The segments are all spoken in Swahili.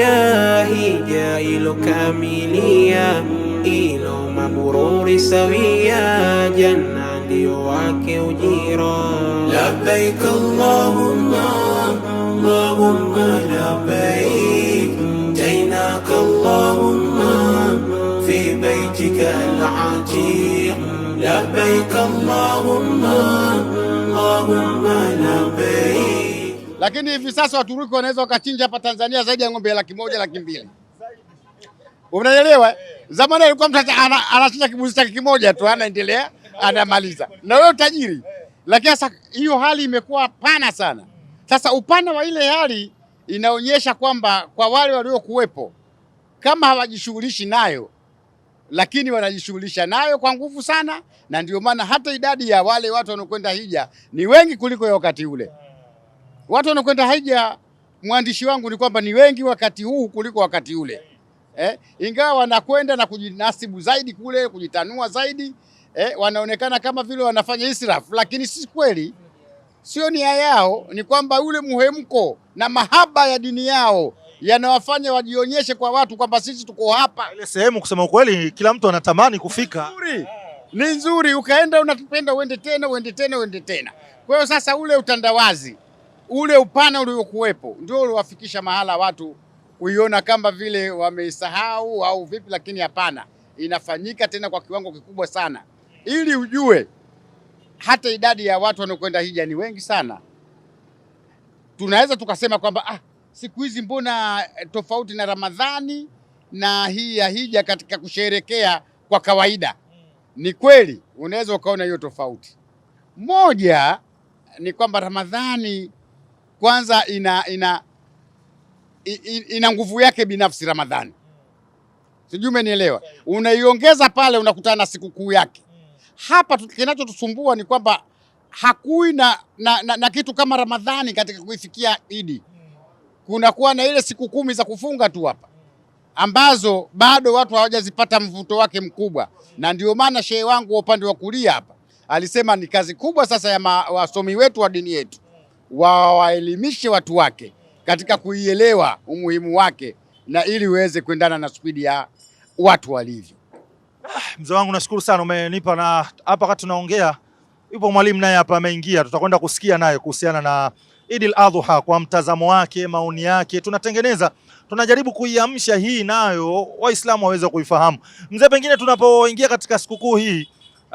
إلهي يا إلك أميليا إلو مبرور سويا جنة ليواكي وجيرا لبيك اللهم اللهم لبيك جيناك اللهم في بيتك العتيق لبيك اللهم اللهم لبيك lakini hivi sasa Waturuki wanaweza wakachinja hapa Tanzania zaidi ya ng'ombe ya laki moja laki mbili. Unaelewa? Zamani alikuwa mtu anachinja kibuzi chake kimoja tu, anaendelea anamaliza, na wewe utajiri. Lakini sasa hiyo hali imekuwa pana sana. Sasa upana wa ile hali inaonyesha kwamba kwa wale waliokuwepo, kama hawajishughulishi nayo, lakini wanajishughulisha nayo kwa nguvu sana, na ndio maana hata idadi ya wale watu wanaokwenda hija ni wengi kuliko ya wakati ule. Watu wanakwenda haija, mwandishi wangu ni kwamba ni wengi wakati huu kuliko wakati ule eh, ingawa wanakwenda na kujinasibu zaidi kule, kujitanua zaidi eh, wanaonekana kama vile wanafanya israfu, lakini si kweli, sio nia yao. Ni kwamba ule muhemko na mahaba ya dini yao yanawafanya wajionyeshe kwa watu kwamba sisi tuko hapa. Ile sehemu kusema ukweli, kila mtu anatamani kufika ni nzuri, ukaenda unatupenda, uende tena, uende tena, uende tena. Kwa hiyo sasa ule utandawazi ule upana uliokuwepo ndio uliwafikisha mahala watu kuiona kama vile wameisahau au vipi, lakini hapana, inafanyika tena kwa kiwango kikubwa sana, ili ujue hata idadi ya watu wanaokwenda hija ni wengi sana. Tunaweza tukasema kwamba ah, siku hizi mbona eh, tofauti na Ramadhani na hii ya hija katika kusherekea kwa kawaida. Hmm. Ni kweli unaweza ukaona hiyo tofauti. Moja ni kwamba Ramadhani kwanza ina ina ina nguvu yake binafsi Ramadhani, sijui umenielewa. Unaiongeza pale, unakutana na sikukuu yake. Hapa kinachotusumbua ni kwamba hakui na, na, na, na kitu kama Ramadhani katika kuifikia Idi. Kunakuwa na ile siku kumi za kufunga tu hapa ambazo bado watu hawajazipata mvuto wake mkubwa, na ndio maana shehe wangu wa upande wa kulia hapa alisema ni kazi kubwa sasa ya wasomi wetu wa dini yetu wawaelimishe watu wake katika kuielewa umuhimu wake na ili uweze kuendana na spidi ya watu walivyo. Ah, mzee wangu nashukuru sana umenipa, na hapa wakati tunaongea yupo mwalimu naye hapa ameingia, tutakwenda kusikia naye kuhusiana na Idil Adhuha kwa mtazamo wake, maoni yake, tunatengeneza tunajaribu kuiamsha hii nayo Waislamu waweze kuifahamu. Mzee, pengine tunapoingia katika sikukuu hii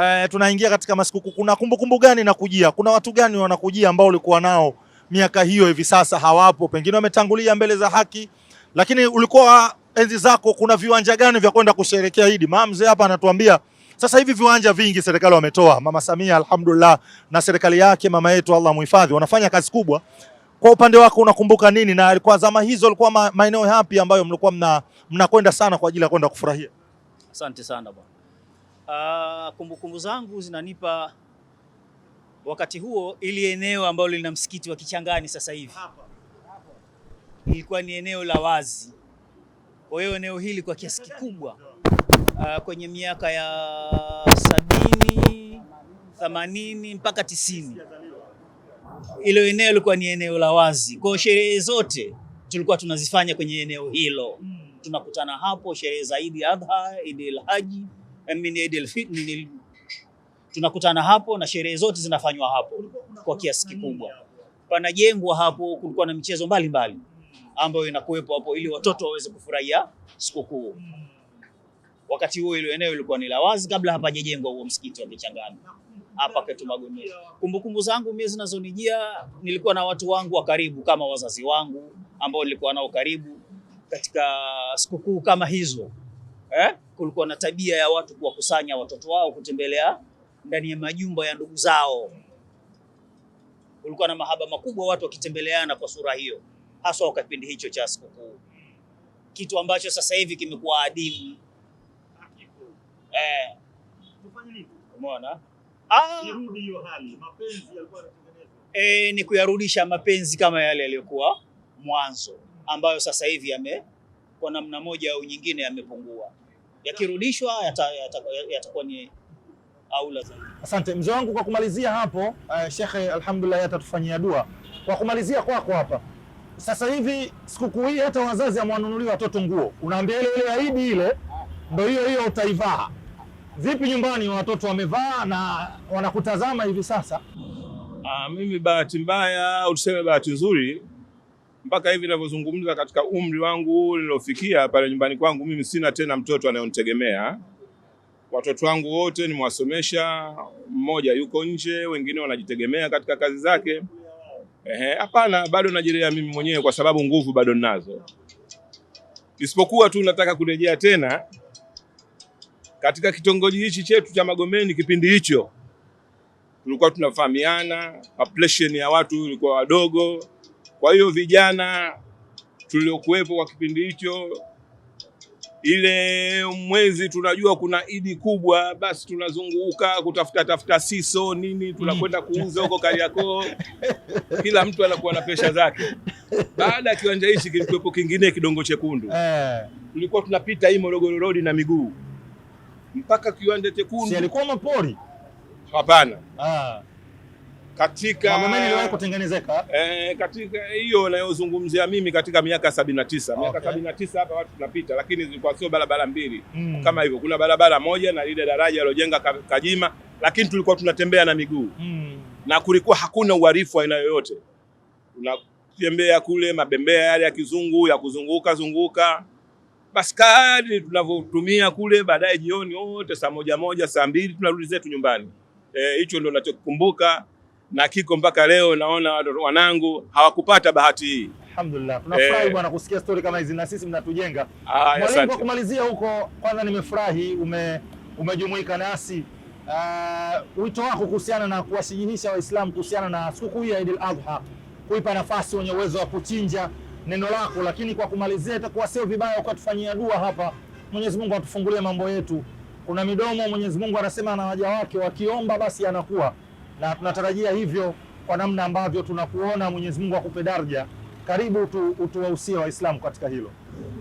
eh, tunaingia katika masikuku, Kuna kumbukumbu gani kujia Kuna watu gani wanakujia ambao ulikuwa nao miaka hiyo, hivi sasa hawapo, pengine wametangulia mbele za haki, lakini ulikuwa enzi zako, kuna viwanja gani vya kwenda kusherekea Idi? Mamze hapa anatuambia sasa hivi viwanja vingi serikali wametoa. Mama Samia alhamdulillah, na serikali yake mama yetu Allah muhifadhi, wanafanya kazi kubwa. Kwa upande wako unakumbuka nini, na alikuwa zama hizo alikuwa maeneo yapi ambayo mlikuwa mnakwenda mna sana kwa ajili ya kwenda kufurahia? Asante sana bwana. Ah, kumbukumbu kumbu zangu zinanipa wakati huo, ili eneo ambalo lina msikiti wa Kichangani sasa hivi ilikuwa ni eneo la wazi. Kwa hiyo eneo hili kwa kiasi kikubwa ah, kwenye miaka ya sabini, themanini mpaka tisini ilo eneo lilikuwa ni eneo la wazi. Kwa hiyo sherehe zote tulikuwa tunazifanya kwenye eneo hilo, hmm. tunakutana hapo, sherehe zaidi Adha, Idi haji mini Eid al-Fitr tunakutana hapo na sherehe zote zinafanywa hapo kwa kiasi kikubwa. Panajengwa hapo, kulikuwa na michezo mbalimbali ambayo inakuwepo hapo ili watoto waweze kufurahia sikukuu. Wakati huo ile eneo ilikuwa ni la wazi kabla hapajajengwa huo msikiti wa Michangani hapa kwetu Magomeni. Kumbukumbu zangu mimi zinazonijia, nilikuwa na watu wangu wa karibu kama wazazi wangu ambao nilikuwa nao karibu katika sikukuu kama hizo eh? Kulikuwa na tabia ya watu kuwakusanya watoto wao kutembelea ndani ya majumba ya ndugu zao. Kulikuwa na mahaba makubwa, watu wakitembeleana kwa sura hiyo, haswa kwa kipindi hicho cha sikukuu, kitu ambacho sasa hivi kimekuwa adimu eh. Umeona? Ah, irudi hiyo hali, mapenzi yalikuwa yanatengenezwa eh, ni kuyarudisha mapenzi kama yale yaliyokuwa mwanzo, ambayo sasa hivi yame kwa namna moja au nyingine yamepungua yakirudishwa yatakuwa yata, yata, yata ni aula zaidi. Asante mzee wangu kwa kumalizia hapo. Uh, shekhe, alhamdulillah atatufanyia dua. Kwa kumalizia kwako kwa hapa sasa hivi sikukuu hii hata wazazi amewanunulia watoto nguo, unaambia ile ile aidi ile ndio hiyo hiyo utaivaa vipi nyumbani? Watoto wamevaa na wanakutazama hivi sasa. Ah, mimi bahati mbaya au tuseme bahati nzuri mpaka hivi ninavyozungumza, katika umri wangu nilofikia pale nyumbani kwangu, mimi sina tena mtoto anayonitegemea. Watoto wangu wote nimewasomesha, mmoja yuko nje, wengine wanajitegemea katika kazi zake. Ehe, hapana, bado najirea mimi mwenyewe kwa sababu nguvu bado ninazo, isipokuwa tu nataka kurejea tena katika kitongoji hichi chetu cha Magomeni. Kipindi hicho tulikuwa tunafahamiana, population ya watu ilikuwa wadogo. Kwa hiyo vijana tuliokuwepo kwa kipindi hicho, ile mwezi tunajua kuna idi kubwa, basi tunazunguka kutafuta tafuta siso nini, tunakwenda mm. kuuza huko Kariakoo, kila mtu anakuwa na pesha zake. Baada ya kiwanja hichi kilikuwepo kingine kidongo chekundu, eh. tulikuwa tunapita hii Morogoro Road na miguu mpaka kiwanja chekundu. Si alikuwa mapori? Hapana. Ah katika eh, katika hiyo nayozungumzia mimi katika miaka sabini na tisa miaka okay. sabini na tisa hapa watu tunapita, lakini zilikuwa sio barabara mbili mm. kama hivyo. Kuna barabara moja na lile daraja alojenga Kajima, lakini tulikuwa tunatembea na miguu mm. na kulikuwa hakuna uharifu aina yoyote, tunatembea kule mabembea yale ya kizungu ya kuzunguka zunguka basi kadri tunavyotumia kule, baadaye jioni wote saa moja moja saa mbili tunarudi zetu nyumbani. Eh, hicho e, ndio nachokikumbuka na kiko mpaka leo, naona wanangu hawakupata bahati hii. Alhamdulillah, tunafurahi eh. bwana e, kusikia story kama hizi na sisi mnatujenga. Ah, Mwalimu, kwa kumalizia huko, kwanza nimefurahi ume umejumuika nasi. Uh, wito wako kuhusiana na kuwashajihisha Waislamu kuhusiana na siku ya Eid al-Adha, kuipa nafasi wenye uwezo wa kuchinja, neno lako. Lakini kwa kumalizia, itakuwa sio vibaya ukatufanyia dua hapa, Mwenyezi Mungu atufungulie mambo yetu. Kuna midomo Mwenyezi Mungu anasema na waja wake wakiomba, basi anakuwa na tunatarajia hivyo kwa namna ambavyo tunakuona Mwenyezi Mungu akupe daraja. Karibu tu utuwahusie Waislamu katika hilo.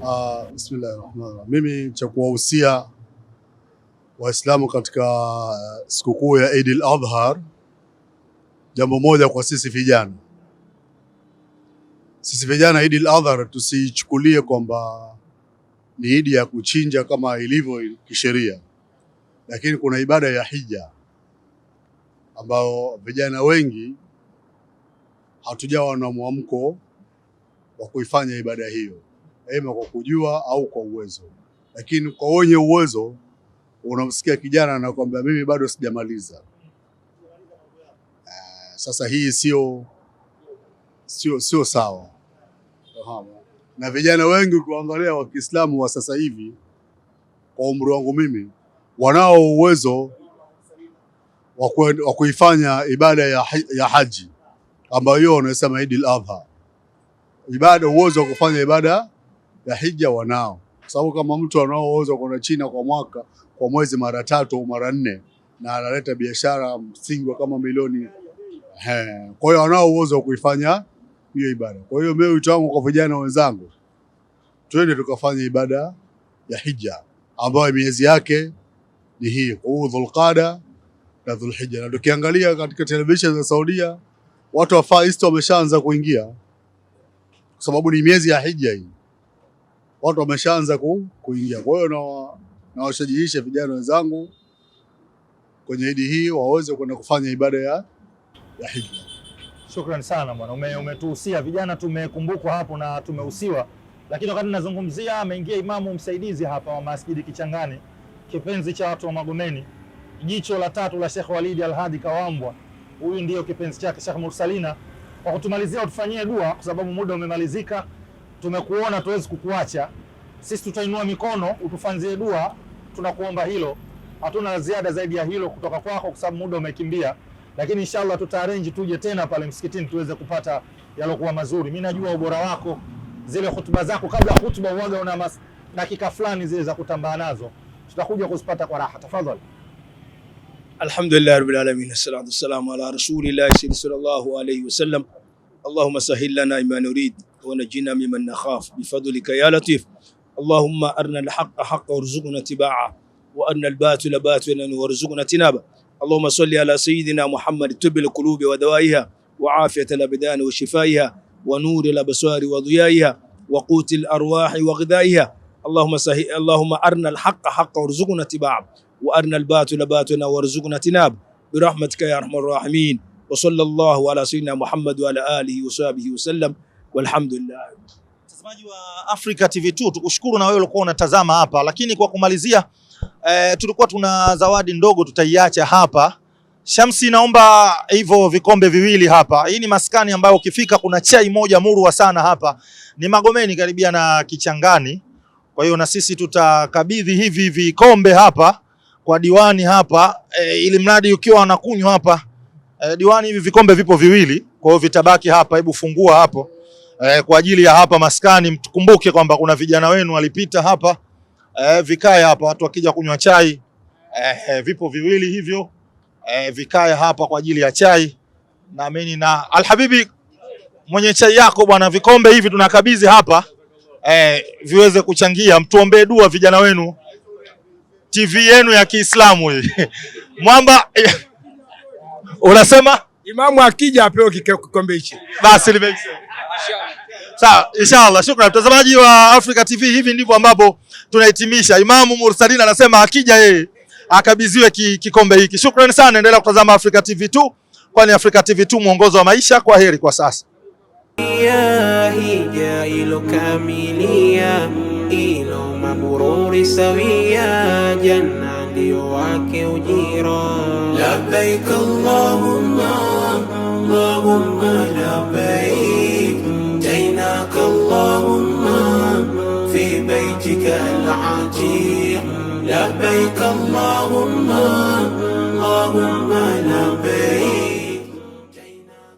Uh, bismillahir rahmanir rahim. Mimi cha kuwahusia Waislamu katika eh, sikukuu ya Eid al-Adha, jambo moja kwa sisi vijana, sisi vijana, Eid al-Adha tusichukulie kwamba ni idi ya kuchinja kama ilivyo kisheria, lakini kuna ibada ya hija ambao vijana wengi hatujawa na mwamko wa kuifanya ibada hiyo, ima kwa kujua au kwa uwezo. Lakini kwa wenye uwezo, unamsikia kijana anakwambia mimi bado sijamaliza. Eh, sasa hii sio sio sio sawa, na vijana wengi ukiwaangalia wa Kiislamu wa sasa hivi, kwa umri wangu mimi, wanao uwezo wa kuifanya ibada ya, ya haji ambayo hiyo wanasema Eid al-Adha. Ibada uwezo wa kufanya ibada ya hija wanao, sababu kama mtu anao uwezo kwenda China kwa mwaka kwa mwezi mara tatu au mara nne, na analeta biashara msingi wa kama milioni he, kwa hiyo anao uwezo wa kuifanya hiyo ibada. Kwa hiyo mimi wito wangu kwa vijana wenzangu, twende tukafanya ibada ya hija ambayo miezi yake ni hii, Dhulqada na Dhulhija, na tukiangalia katika televisheni za Saudia watu wa Far East wameshaanza kuingia, kwa sababu ni miezi ya hija hii, watu wameshaanza ku, kuingia. Kwa hiyo na vijana wenzangu kwenye idi hii waweze kwenda kufanya ibada ya, ya hija. Shukrani sana bwana, ume, umetuhusia vijana, tumekumbukwa hapo na tumehusiwa, lakini wakati nazungumzia ameingia imamu msaidizi hapa wa Masjidi Kichangani, kipenzi cha watu wa Magomeni jicho la tatu la Sheikh Walidi Alhadi Kawambwa, huyu ndio kipenzi chake Sheikh Mursalina. Kwa kutumalizia, utufanyie dua kwa sababu muda umemalizika. Tumekuona, tuwezi kukuacha sisi, tutainua mikono utufanzie dua, tunakuomba hilo. Hatuna ziada zaidi ya hilo kutoka kwako kwa sababu muda umekimbia, lakini inshallah tutaarenji tuje tena pale msikitini tuweze kupata yaliokuwa mazuri. Mimi najua ubora wako, zile hutuba zako kabla hutuba uwaga una dakika fulani zile za kutambaa nazo, tutakuja kuzipata kwa raha. Tafadhali. الحمد لله رب العالمين الصلاة والسلام على رسول الله صلى الله عليه وسلم اللهم سهل لنا ما نريد ونجينا ممن نخاف بفضلك يا لطيف اللهم أرنا الحق حق وارزقنا اتباعه وأرنا الباطل باطلا وارزقنا اجتنابه اللهم صل على سيدنا محمد طب القلوب ودوائها وعافية الأبدان وشفائها ونور الأبصار وضيائها وقوت الأرواح وغذائها اللهم سهل اللهم أرنا الحق حق وارزقنا اتباعه wa arina albatila batila warzuqna tinab birahmatika ya arhamar rahimin wa sallallahu ala sayyidina Muhammad wa ala alihi wa sahbihi wasallam walhamdulillah. Mtazamaji wa Africa TV 2 tukushukuru na wewe ulikuwa unatazama hapa, lakini kwa kumalizia eh, tulikuwa tuna zawadi ndogo tutaiacha hapa. Shamsi, naomba hivyo vikombe viwili hapa. Hii ni maskani ambayo ukifika kuna chai moja murwa sana hapa, ni Magomeni karibia na Kichangani. Kwa hiyo na sisi tutakabidhi hivi vikombe hapa kwa diwani hapa e, ili mradi ukiwa anakunywa hapa e, diwani, hivi vikombe vipo viwili, kwa hiyo vitabaki hapa. Hebu fungua hapo e, kwa ajili ya hapa maskani. Mtukumbuke kwamba kuna vijana wenu walipita hapa e, vikae hapa, watu wakija kunywa chai e, e, vipo viwili hivyo e, vikae hapa kwa ajili ya chai. na mimi na Alhabibi mwenye chai yako bwana, vikombe hivi tunakabidhi hapa e, viweze kuchangia, mtuombee dua vijana wenu TV yenu ya Kiislamu hii mwamba unasema imamu akija apewe kikombe hichi basi Sawa, inshallah. Shukrani mtazamaji wa Africa TV, hivi ndivyo ambapo tunahitimisha. Imamu Mursalin anasema akija yeye akabidhiwe kikombe hiki. Shukrani sana, endelea kutazama Africa TV 2 kwani Africa TV 2 mwongozo wa maisha. Kwa heri kwa sasa. المرور سويا جنة ليواكب جيران لبيك اللهم اللهم لبيك جيناك اللهم في بيتك العتيق لبيك اللهم اللهم